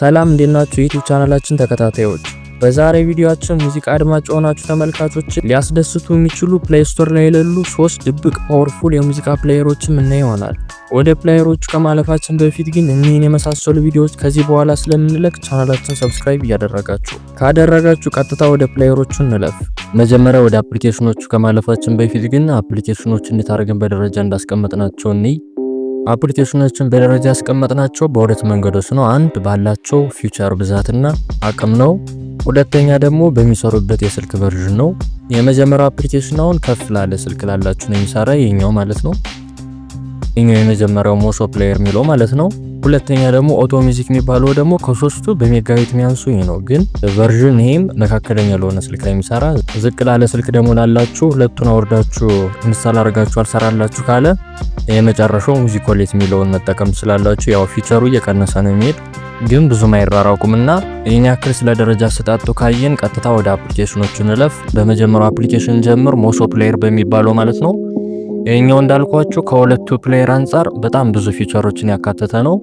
ሰላም እንዴት ናችሁ? ዩቲዩብ ቻናላችን ተከታታዮች፣ በዛሬ ቪዲዮአችን ሙዚቃ አድማጭ የሆናችሁ ተመልካቾች ሊያስደስቱ የሚችሉ ፕሌይ ስቶር ላይ የሌሉ ሶስት ድብቅ ፓወርፉል የሙዚቃ ፕሌየሮችን እና ይሆናል። ወደ ፕሌየሮቹ ከማለፋችን በፊት ግን እኒህን የመሳሰሉ ቪዲዮዎች ከዚህ በኋላ ስለምንለቅ ቻናላችን ሰብስክራይብ እያደረጋችሁ ካደረጋችሁ ቀጥታ ወደ ፕሌየሮቹ እንለፍ። መጀመሪያ ወደ አፕሊኬሽኖቹ ከማለፋችን በፊት ግን አፕሊኬሽኖቹ እንዴት አድርገን በደረጃ እንዳስቀመጥናቸው እንይ። አፕሊኬሽኖችን በደረጃ ያስቀመጥናቸው በሁለት መንገዶች ነው። አንድ ባላቸው ፊውቸር ብዛትና አቅም ነው። ሁለተኛ ደግሞ በሚሰሩበት የስልክ ቨርዥን ነው። የመጀመሪያው አፕሊኬሽን አሁን ከፍ ላለ ስልክ ላላችሁ ነው የሚሰራ ይኛው ማለት ነው። ይኛው የመጀመሪያው ሞሶ ፕሌየር የሚለው ማለት ነው። ሁለተኛ ደግሞ ኦቶ ሚዚክ የሚባለው ደግሞ ከሶስቱ በሜጋቤት የሚያንሱኝ ነው። ግን ቨርዥን ይህም መካከለኛ ለሆነ ስልክ ላይ የሚሰራ ዝቅ ላለ ስልክ ደግሞ ላላችሁ ሁለቱን አወርዳችሁ ኢንስታል አድርጋችሁ አልሰራላችሁ ካለ የመጨረሻው ሙዚክ ኮሌት የሚለውን መጠቀም ስላላችሁ ያው ፊቸሩ እየቀነሰ ነው የሚሄድ ግን ብዙም አይራራቁም እና ይህን ያክል ስለ ደረጃ አሰጣጡ ካየን ቀጥታ ወደ አፕሊኬሽኖቹ እንለፍ። በመጀመሪያው አፕሊኬሽን ጀምር ሞሶ ፕሌየር በሚባለው ማለት ነው ይህኛው እንዳልኳችሁ ከሁለቱ ፕሌየር አንጻር በጣም ብዙ ፊቸሮችን ያካተተ ነው።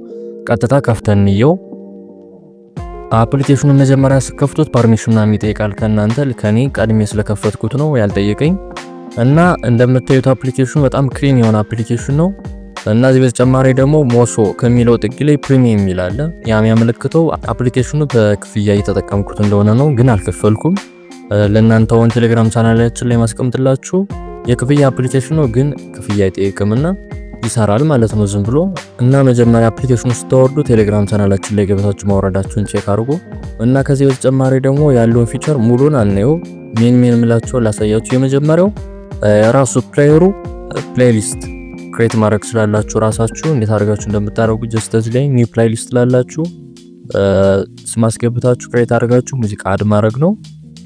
ቀጥታ ከፍተንየው አፕሊኬሽኑ መጀመሪያ ስከፍቱት ፐርሚሽን ምናምን ይጠይቃል ከእናንተ። ከኔ ቀድሜ ስለከፈትኩት ነው ያልጠየቀኝ እና እንደምታዩት አፕሊኬሽኑ በጣም ክሊን የሆነ አፕሊኬሽን ነው እና እዚህ በተጨማሪ ደግሞ ሞሶ ከሚለው ጥግ ላይ ፕሪሚየም ይላል። ያም ያመለክተው አፕሊኬሽኑ በክፍያ እየተጠቀምኩት እንደሆነ ነው፣ ግን አልከፈልኩም። ወን ቴሌግራም ቻናላችን ላይ ማስቀምጥላችሁ የክፍያ አፕሊኬሽኑ ግን ክፍያ አይጠይቅምና ይሰራል ማለት ነው ዝም ብሎ እና መጀመሪያ አፕሊኬሽኑ ስታወርዱ ቴሌግራም ቻናላችን ላይ ገብታችሁ ማውረዳችሁን ቼክ አድርጉ እና ከዚህ በተጨማሪ ደግሞ ያለውን ፊቸር ሙሉን አልነው ሜን ሜን ምላቸው ላሳያችሁ። የመጀመሪያው ራሱ ፕሌየሩ ፕሌሊስት ክሬት ማድረግ ስላላችሁ ራሳችሁ እንዴት አድርጋችሁ እንደምታደርጉ ጀስተስ ላይ ኒው ፕሌሊስት ላላችሁ ስማስገብታችሁ ክሬት አድርጋችሁ ሙዚቃ አድ ማድረግ ነው።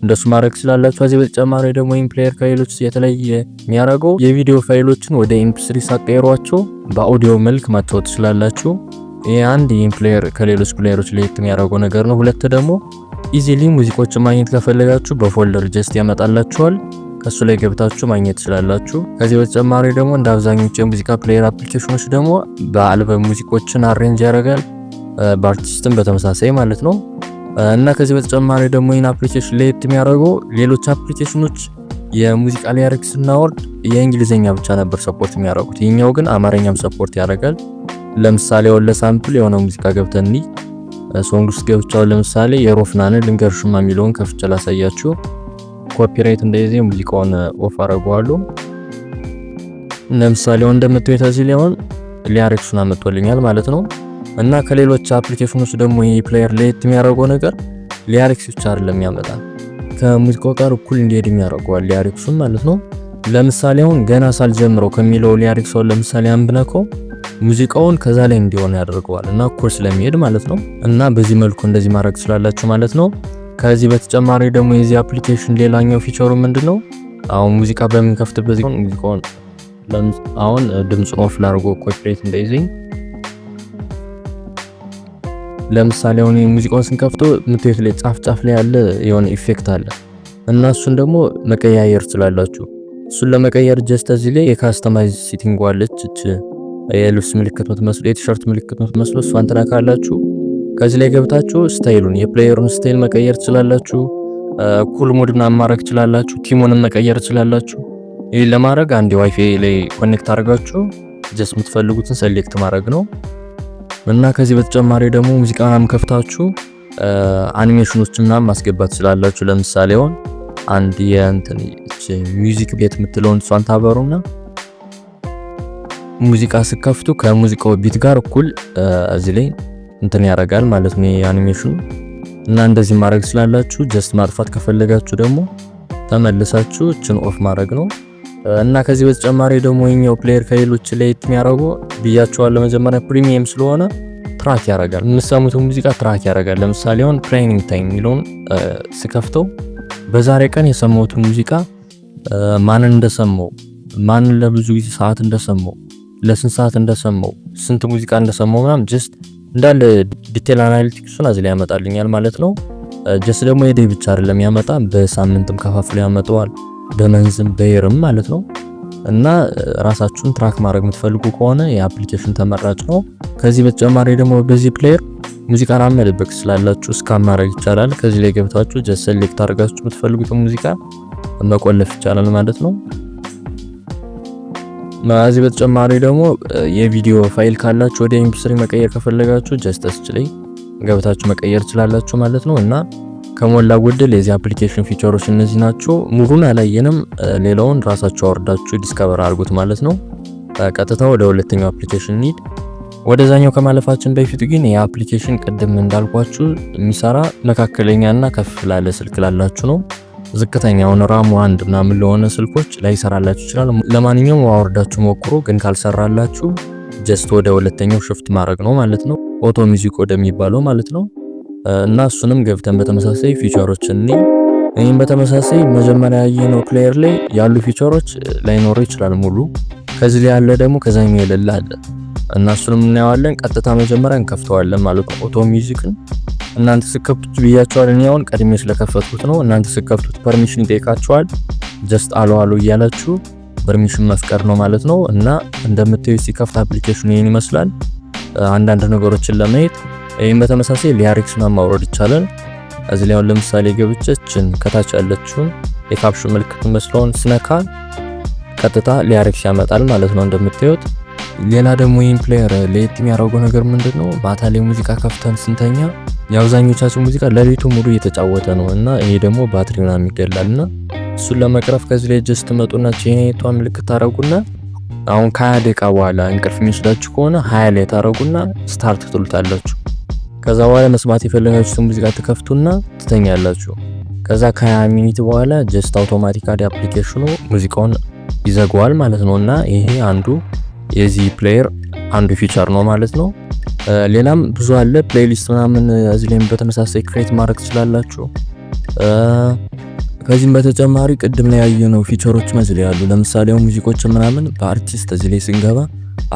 እንደሱ ማድረግ ስላላችሁ። ከዚህ በተጨማሪ ደግሞ ኢን ፕሌየር ከሌሎች የተለየ የሚያደርገው የቪዲዮ ፋይሎችን ወደ ኤምፒ3 ሳቀይሯቸው በኦዲዮ መልክ ማጫወት ትችላላችሁ። ይህ አንድ ኢን ፕሌየር ከሌሎች ፕሌየሮች ለየት የሚያደርገው ነገር ነው። ሁለት ደግሞ ኢዚሊ ሙዚቆች ማግኘት ከፈለጋችሁ በፎልደር ጀስት ያመጣላችኋል። ከሱ ላይ ገብታችሁ ማግኘት ትችላላችሁ። ከዚህ በተጨማሪ ደግሞ እንደ አብዛኞቹ የሙዚቃ ፕሌየር አፕሊኬሽኖች ደግሞ በአልበም ሙዚቆችን አሬንጅ ያደርጋል። በአርቲስትም በተመሳሳይ ማለት ነው። እና ከዚህ በተጨማሪ ደግሞ ይህን አፕሊኬሽን ለየት የሚያደርገው ሌሎች አፕሊኬሽኖች የሙዚቃ ሊያርግ ስናወርድ የእንግሊዝኛ ብቻ ነበር ሰፖርት የሚያደርጉት፣ ይህኛው ግን አማርኛም ሰፖርት ያደርጋል። ለምሳሌ ወለ ሳምፕል የሆነ ሙዚቃ ገብተኒ ሶንግ ውስጥ ገብቻው ለምሳሌ የሮፍናንን ልንገርሽማ የሚለውን ከፍቼ ላሳያችሁ። ኮፒራይት እንደዚህ ሙዚቃውን ኦፍ አደርገዋለሁ። ለምሳሌ እንደምትወታ ሲል ሊያርክሱን አመጥቶልኛል ማለት ነው። እና ከሌሎች አፕሊኬሽኖች ደግሞ ይሄ ፕሌየር ለየት የሚያደርገው ነገር ሊያሪክስ ብቻ አይደለም ያመጣ ከሙዚቃው ጋር እኩል እንዲሄድ የሚያደርገዋል ሊያሪክሱ ማለት ነው። ለምሳሌ አሁን ገና ሳልጀምረው ከሚለው ሊያሪክሰውን ለምሳሌ አንብነከው ሙዚቃውን ከዛ ላይ እንዲሆን ያደርገዋል እና እኩል ስለሚሄድ ማለት ነው። እና በዚህ መልኩ እንደዚህ ማድረግ ትችላላችሁ ማለት ነው። ከዚህ በተጨማሪ ደግሞ የዚህ አፕሊኬሽን ሌላኛው ፊቸሩ ነው? አሁን ሙዚቃ በምንከፍትበት ሙዚቃውን አሁን ድምፅ ኦፍ ላድርጎ ኮፒራይት እንዳይዘኝ ለምሳሌ አሁን ሙዚቃውን ስንከፍቶ ምትቤት ላይ ጫፍ ጫፍ ላይ ያለ የሆነ ኢፌክት አለ እና እሱን ደግሞ መቀያየር ትችላላችሁ። እሱን ለመቀየር ጀስት እዚህ ላይ የካስተማይዝ ሴቲንግ አለች። እች የልብስ ምልክት ምትመስሉ የቲሸርት ምልክት ምትመስሉ እሷን ትነካላችሁ። ከዚህ ላይ ገብታችሁ ስታይሉን የፕሌየሩን ስታይል መቀየር ትችላላችሁ። ኩል ሞድ ምናምን ማድረግ ትችላላችሁ። ቲሙንም መቀየር ትችላላችሁ። ይህ ለማድረግ አንድ ዋይፋይ ላይ ኮኔክት አድርጋችሁ ጀስት የምትፈልጉትን ሰሌክት ማድረግ ነው። እና ከዚህ በተጨማሪ ደግሞ ሙዚቃ ምናምን ከፍታችሁ አኒሜሽኖች ምናምን ማስገባት ትችላላችሁ። ለምሳሌ ሆን አንድ የእንትን ሚውዚክ ቤት የምትለውን እሷን ታበሩና ሙዚቃ ስከፍቱ ከሙዚቃው ቢት ጋር እኩል እዚህ ላይ እንትን ያደርጋል ማለት ነው የአኒሜሽኑ። እና እንደዚህ ማድረግ ስላላችሁ ጀስት ማጥፋት ከፈለጋችሁ ደግሞ ተመልሳችሁ እችን ኦፍ ማድረግ ነው። እና ከዚህ በተጨማሪ ደግሞ የኛው ፕሌየር ከሌሎች ለየት የሚያደርጉ ብያቸዋለሁ፣ ለመጀመሪያ ፕሪሚየም ስለሆነ ትራክ ያደርጋል። የምሰሙት ሙዚቃ ትራክ ያደርጋል። ለምሳሌ አሁን ትሬኒንግ ታይም የሚለውን ስከፍተው በዛሬ ቀን የሰማሁትን ሙዚቃ ማንን እንደሰማው ማንን ለብዙ ጊዜ ሰዓት እንደሰማው ለስንት ሰዓት እንደሰማው ስንት ሙዚቃ እንደሰማው ምናምን ጀስት እንዳለ ዲቴል አናሊቲክሱን አዚ ላይ ያመጣልኛል ማለት ነው። ጀስት ደግሞ የዴ ብቻ አይደለም ያመጣ፣ በሳምንትም ከፋፍሎ ያመጣዋል። በመንዝም በየርም ማለት ነው። እና ራሳችሁን ትራክ ማድረግ የምትፈልጉ ከሆነ የአፕሊኬሽን ተመራጭ ነው። ከዚህ በተጨማሪ ደግሞ በዚህ ፕሌየር ሙዚቃን አመደበቅ ስላላችሁ እስካን ማድረግ ይቻላል። ከዚህ ላይ ገብታችሁ ጀስት ሴሌክት አድርጋችሁ የምትፈልጉትን ሙዚቃ መቆለፍ ይቻላል ማለት ነው። ከዚህ በተጨማሪ ደግሞ የቪዲዮ ፋይል ካላችሁ ወደ ኢምፕስሪ መቀየር ከፈለጋችሁ ጀስት ስች ላይ ገብታችሁ መቀየር ትችላላችሁ ማለት ነው እና ከሞላ ጎደል የዚህ አፕሊኬሽን ፊቸሮች እነዚህ ናቸው። ሙሉን አላየንም። ሌላውን ራሳቸው አወርዳችሁ ዲስከቨር አድርጉት ማለት ነው። ቀጥታ ወደ ሁለተኛው አፕሊኬሽን እንሂድ። ወደዛኛው ከማለፋችን በፊት ግን ይህ አፕሊኬሽን ቅድም እንዳልኳችሁ የሚሰራ መካከለኛና ከፍ ላለ ስልክ ላላችሁ ነው። ዝቅተኛውን ራሙ አንድ ምናምን ለሆነ ስልኮች ላይሰራላችሁ ይችላል። ለማንኛውም አወርዳችሁ ሞክሮ፣ ግን ካልሰራላችሁ ጀስት ወደ ሁለተኛው ሽፍት ማድረግ ነው ማለት ነው። ኦቶ ሚዚክ ወደሚባለው ማለት ነው። እና እሱንም ገብተን በተመሳሳይ ፊቸሮችን እኔ ይህም በተመሳሳይ መጀመሪያ ያየነው ክሌር ላይ ያሉ ፊቸሮች ላይኖሩ ይችላል ሙሉ ከዚህ ላይ ያለ ደግሞ ከዛ የሌለ አለ እና እሱንም እናየዋለን። ቀጥታ መጀመሪያ እንከፍተዋለን ማለት ነው። ኦቶ ሚውዚክን እናንተ ስከፍቱት ብያቸዋል። እኔ አሁን ቀድሜ ስለከፈትኩት ነው። እናንተ ስከፍቱት ፐርሚሽን ይጠይቃቸዋል። ጀስት አሎ አሎ እያላችሁ ፐርሚሽን መፍቀር ነው ማለት ነው። እና እንደምታዩት ሲከፍት አፕሊኬሽኑ ይህን ይመስላል። አንዳንድ ነገሮችን ለማየት ይህም በተመሳሳይ ሊያሪክሱን ማውረድ ይቻላል። እዚህ ላይ አሁን ለምሳሌ ገብቼችን ከታች ያለችውን የካፕሹ ምልክት መስለውን ስነካ ቀጥታ ሊያሪክስ ያመጣል ማለት ነው እንደምታዩት። ሌላ ደግሞ ይህን ፕሌየር ለየት የሚያደርገው ነገር ምንድን ነው? ማታ ላይ ሙዚቃ ከፍተን ስንተኛ የአብዛኞቻችን ሙዚቃ ለሊቱ ሙሉ እየተጫወተ ነው እና ይሄ ደግሞ ባትሪ ምናምን ይገላል እና እሱን ለመቅረፍ ከዚህ ላይ ጀስት መጡና ቼኔቷ ምልክት ታረጉና አሁን ከሀያ ደቂቃ በኋላ እንቅልፍ የሚወስዳችሁ ከሆነ ሀያ ላይ ታረጉና ስታርት ትሉታላችሁ። ከዛ በኋላ መስማት የፈለጋችሁትን ሙዚቃ ትከፍቱና ትተኛላችሁ። ከዛ ከ20 ሚኒት በኋላ ጀስት አውቶማቲካሊ አፕሊኬሽኑ ሙዚቃውን ይዘጋዋል ማለት ነው። እና ይሄ አንዱ የዚህ ፕሌየር አንዱ ፊቸር ነው ማለት ነው። ሌላም ብዙ አለ። ፕሌሊስት ምናምን እዚህ ላይም በተመሳሳይ ክሬት ማድረግ ትችላላችሁ። ከዚህም በተጨማሪ ቅድም ላይ ያየነው ፊቸሮች መዝለያ ያሉ ለምሳሌ ሙዚቆች ምናምን በአርቲስት እዚህ ላይ ስንገባ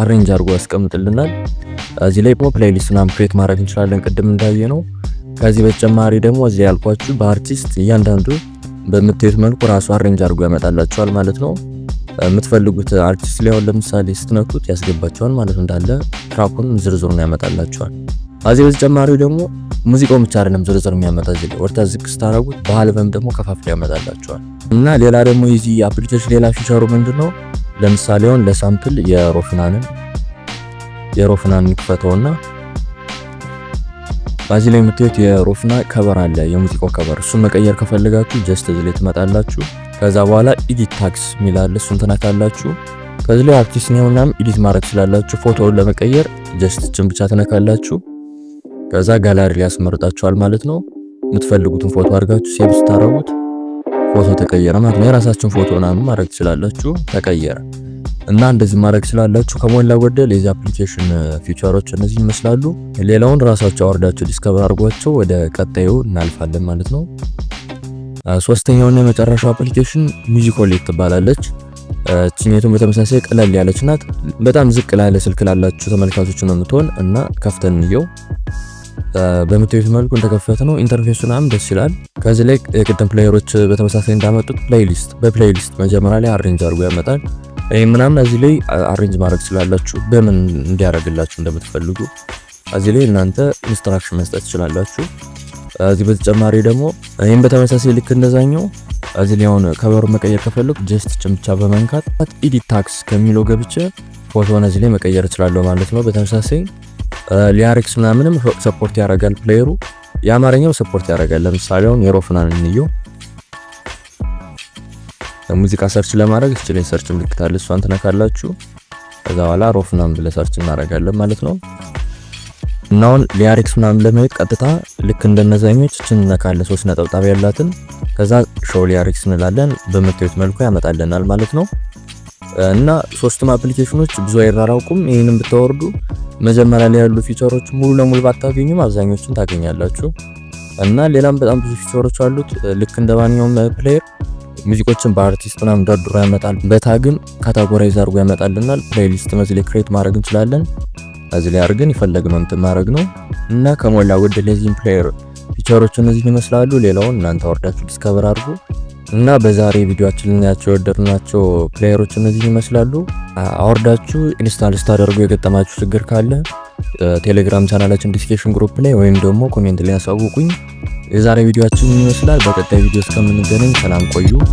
አሬንጅ አድርጎ ያስቀምጥልናል። እዚህ ላይ ደግሞ ፕሌይሊስት ምናምን ክሬት ማድረግ እንችላለን ቅድም እንዳየ ነው። ከዚህ በተጨማሪ ደግሞ እዚህ ያልኳችሁ በአርቲስት እያንዳንዱ በምታዩት መልኩ ራሱ አሬንጅ አድርጎ ያመጣላችኋል ማለት ነው። የምትፈልጉት አርቲስት ሊሆን ለምሳሌ ስትነኩት ያስገባቸዋል ማለት እንዳለ ትራኩን ዝርዝሩን ያመጣላቸዋል። ከዚህ በተጨማሪ ደግሞ ሙዚቃው ብቻ አይደለም ዝርዝር የሚያመጣ ዜ ወርታ ዝቅ ስታረጉት በአልበም ደግሞ ከፋፍሎ ያመጣላቸዋል። እና ሌላ ደግሞ የዚህ አፕሊኬሽን ሌላ ፊቸሩ ምንድን ነው? ለምሳሌ ለሳምፕል የሮፍናንን የሮፍናን ክፈተውና በዚህ ላይ የምታዩት የሮፍና ከበር አለ፣ የሙዚቃው ከበር። እሱን መቀየር ከፈለጋችሁ ጀስት እዚህ ላይ ትመጣላችሁ። ከዛ በኋላ ኢዲት ታክስ ሚላለ እሱን ትነካላችሁ። ከዚህ ላይ አርቲስት ነው ምናምን ኢዲት ማድረግ ስላላችሁ ፎቶውን ለመቀየር ጀስት እችን ብቻ ትነካላችሁ። ከዛ ጋላሪ ያስመርጣችኋል ማለት ነው። የምትፈልጉትን ፎቶ አድርጋችሁ ሴቭ ስታረጉት ፎቶ ተቀየረ ማለት ነው። የራሳችሁን ፎቶ ምናምን ማድረግ ትችላላችሁ። ተቀየረ እና እንደዚህ ማድረግ ትችላላችሁ። ከሞላ ጎደል የዚህ አፕሊኬሽን ፊቸሮች እነዚህ ይመስላሉ። ሌላውን ራሳቸው አወርዳቸው ዲስከቨር አድርጓቸው ወደ ቀጣዩ እናልፋለን ማለት ነው። ሶስተኛውና የመጨረሻው አፕሊኬሽን ሚዚኮሌት ትባላለች። ችኝቱን በተመሳሳይ ቀለል ያለች ናት። በጣም ዝቅ ላለ ስልክ ላላችሁ ተመልካቾች ነው የምትሆን እና ከፍተን እንየው በምታዩት መልኩ እንደከፈት ነው ኢንተርፌሱ ምናምን ደስ ይላል። ከዚህ ላይ የቅድም ፕሌየሮች በተመሳሳይ እንዳመጡት ፕሌይሊስት በፕሌይሊስት መጀመሪያ ላይ አሬንጅ አድርጎ ያመጣል። ይህ ምናምን እዚህ ላይ አሬንጅ ማድረግ ስላላችሁ በምን እንዲያደርግላችሁ እንደምትፈልጉ እዚህ ላይ እናንተ ኢንስትራክሽን መስጠት ትችላላችሁ። እዚህ በተጨማሪ ደግሞ ይህም በተመሳሳይ ልክ እንደዛኛው እዚህ ላይ አሁን ከበሩ መቀየር ከፈለኩ ጀስት ጭምቻ በመንካት ኢዲት ታክስ ከሚለው ገብቼ ፎቶን እዚህ ላይ መቀየር እችላለሁ ማለት ነው። በተመሳሳይ ሊያሪክስ ምናምንም ሰፖርት ያደርጋል ፕሌየሩ የአማርኛው ሰፖርት ያደርጋል። ለምሳሌ አሁን የሮፍናን እንየው ሙዚቃ ሰርች ለማድረግ እች ሰርች ምልክታለ እሷን ትነካላችሁ። ከዛ በኋላ ሮፍናን ብለ ሰርች እናደርጋለን ማለት ነው። እና አሁን ሊያሪክስ ምናምን ለመሄድ ቀጥታ ልክ እንደነዛኞች እችን እነካለን፣ ሶስት ነጠብጣብ ያላትን ከዛ ሾው ሊያሪክስ እንላለን። በምታዩት መልኩ ያመጣልናል ማለት ነው። እና ሶስቱም አፕሊኬሽኖች ብዙ አይራራውቁም። ይህንም ብታወርዱ መጀመሪያ ላይ ያሉ ፊቸሮች ሙሉ ለሙሉ ባታገኙም አብዛኞቹን ታገኛላችሁ። እና ሌላም በጣም ብዙ ፊቸሮች አሉት። ልክ እንደ ማንኛውም ፕሌየር ሙዚቆችን በአርቲስት ምናምን ደርድሮ ያመጣል። በታግም ካታጎራይዝ አድርጎ ያመጣልናል። ፕሌይሊስት መዝሌ ክሬት ማድረግ እንችላለን። እዚህ ላይ አድርገን የፈለግነው እንትን ማድረግ ነው እና ከሞላ ጎደል ለዚህ ፕሌየር ፊቸሮቹ እነዚህ ይመስላሉ። ሌላውን እናንተ ወርዳችሁ ዲስከቨር አድርጉ እና በዛሬ ቪዲዮአችን ልናያቸው የወደድናቸው ፕሌየሮች እነዚህ ይመስላሉ። አወርዳችሁ ኢንስታል ስታደርጉ የገጠማችሁ ችግር ካለ ቴሌግራም ቻናላችን ዲስኬሽን ግሩፕ ላይ ወይም ደግሞ ኮሜንት ላይ ያሳውቁኝ። የዛሬ ቪዲዮአችን ይመስላል። በቀጣይ ቪዲዮ እስከምንገናኝ ሰላም ቆዩ።